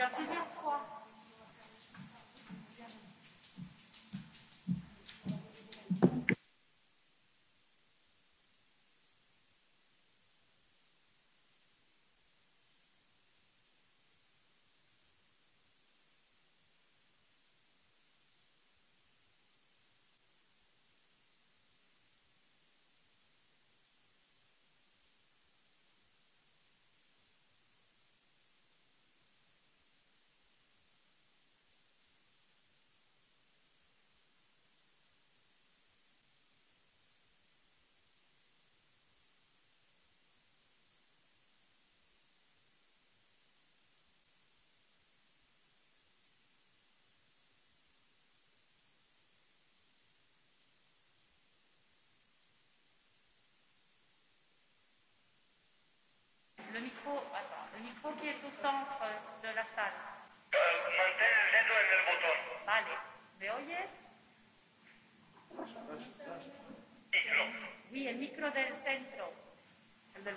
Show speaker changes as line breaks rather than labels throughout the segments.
Yapacak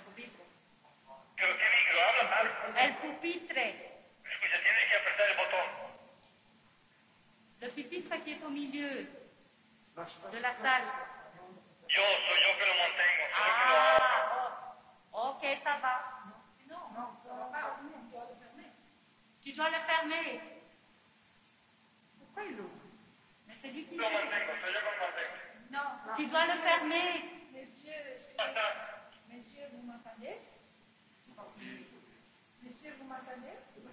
el pupitre. ¿Pero qué micro? ¿Habla mal? pupitre. que Le pupitre qui est au milieu de la salle. que ah, oh. Ok, ça va. No, no, va Tu dois le fermer. Pourquoi il Mais c'est qui Tu dois le fermer. Messieurs, excusez-moi. Messieurs, vous m'entendez Messieurs, vous m'entendez Vous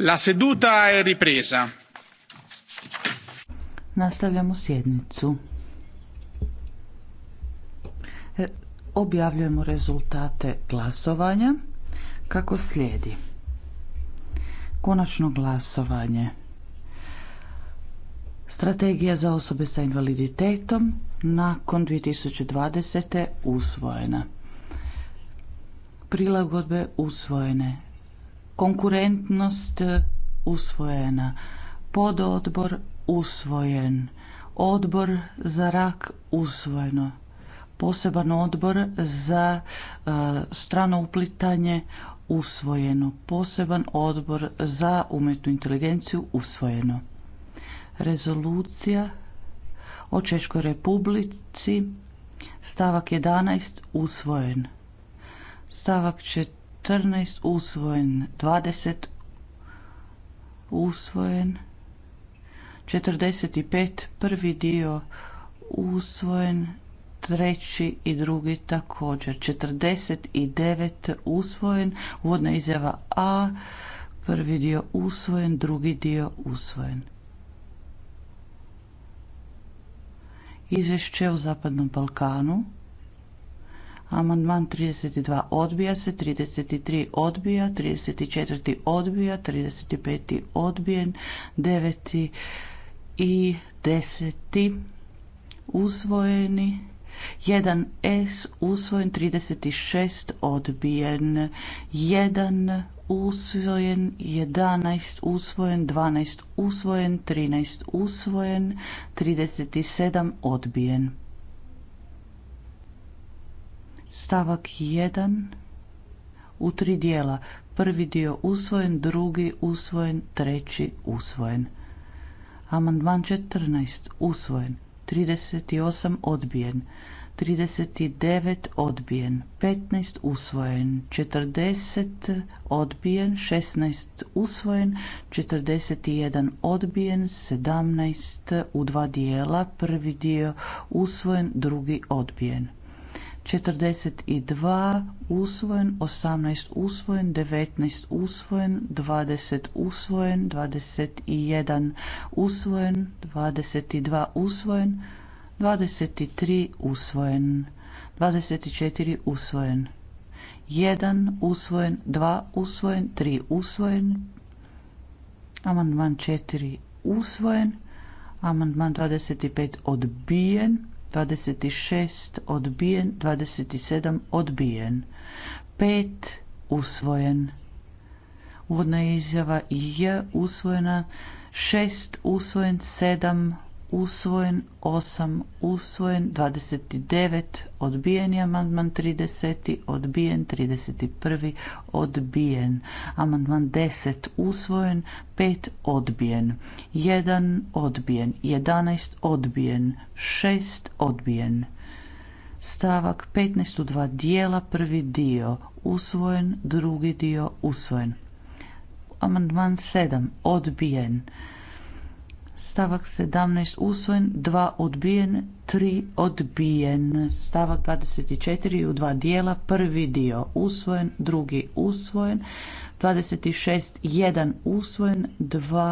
La seduta è ripresa. Nastavljamo sjednicu. E, objavljujemo rezultate glasovanja kako slijedi. Konačno glasovanje. Strategija za osobe sa invaliditetom nakon 2020. usvojena. Prilagodbe usvojene konkurentnost eh, usvojena, pododbor usvojen, odbor za rak usvojeno, poseban odbor za eh, strano uplitanje usvojeno, poseban odbor za umjetnu inteligenciju usvojeno. Rezolucija o Češkoj republici stavak 11 usvojen. Stavak 14 usvojen, 20 usvojen, 45 prvi dio usvojen, treći i drugi također, 49 usvojen, uvodna izjava A, prvi dio usvojen, drugi dio usvojen. Izvješće o Zapadnom Balkanu Amandman 32 odbija se, 33 odbija, 34 odbija, 35 odbijen, 9 i 10 usvojeni, 1S usvojen, 36 odbijen, 1 usvojen, 11 usvojen, 12 usvojen, 13 usvojen, 37 odbijen. Stavak 1 u tri dijela. Prvi dio usvojen, drugi usvojen, treći usvojen. Amandman 14 usvojen, 38 odbijen, 39 odbijen, 15 usvojen, 40 odbijen, 16 usvojen, 41 odbijen, 17 u dva dijela, prvi dio usvojen, drugi odbijen. 42 usvojen, 18 usvojen, 19 usvojen, 20 usvojen, 21 usvojen, 22 usvojen, 23 usvojen, 24 usvojen, 1 usvojen, 2 usvojen, 3 usvojen, amandman 4 usvojen, amandman 25 odbijen, 26 odbijen, 27 odbijen, 5 usvojen. Uvodna izjava je usvojena, 6 usvojen, 7 usvojen, 8 usvojen, 29 odbijeni amandman 30, odbijen 31, odbijen amandman 10 usvojen, 5 odbijen, 1 odbijen, 11 odbijen, 6 odbijen. Stavak 15 u dva dijela, prvi dio usvojen, drugi dio usvojen. Amandman 7 odbijen. Stavak 17 usvojen, 2 odbijen, 3 odbijen. Stavak 24 u dva dijela, prvi dio usvojen, drugi usvojen, 26 1 usvojen, 2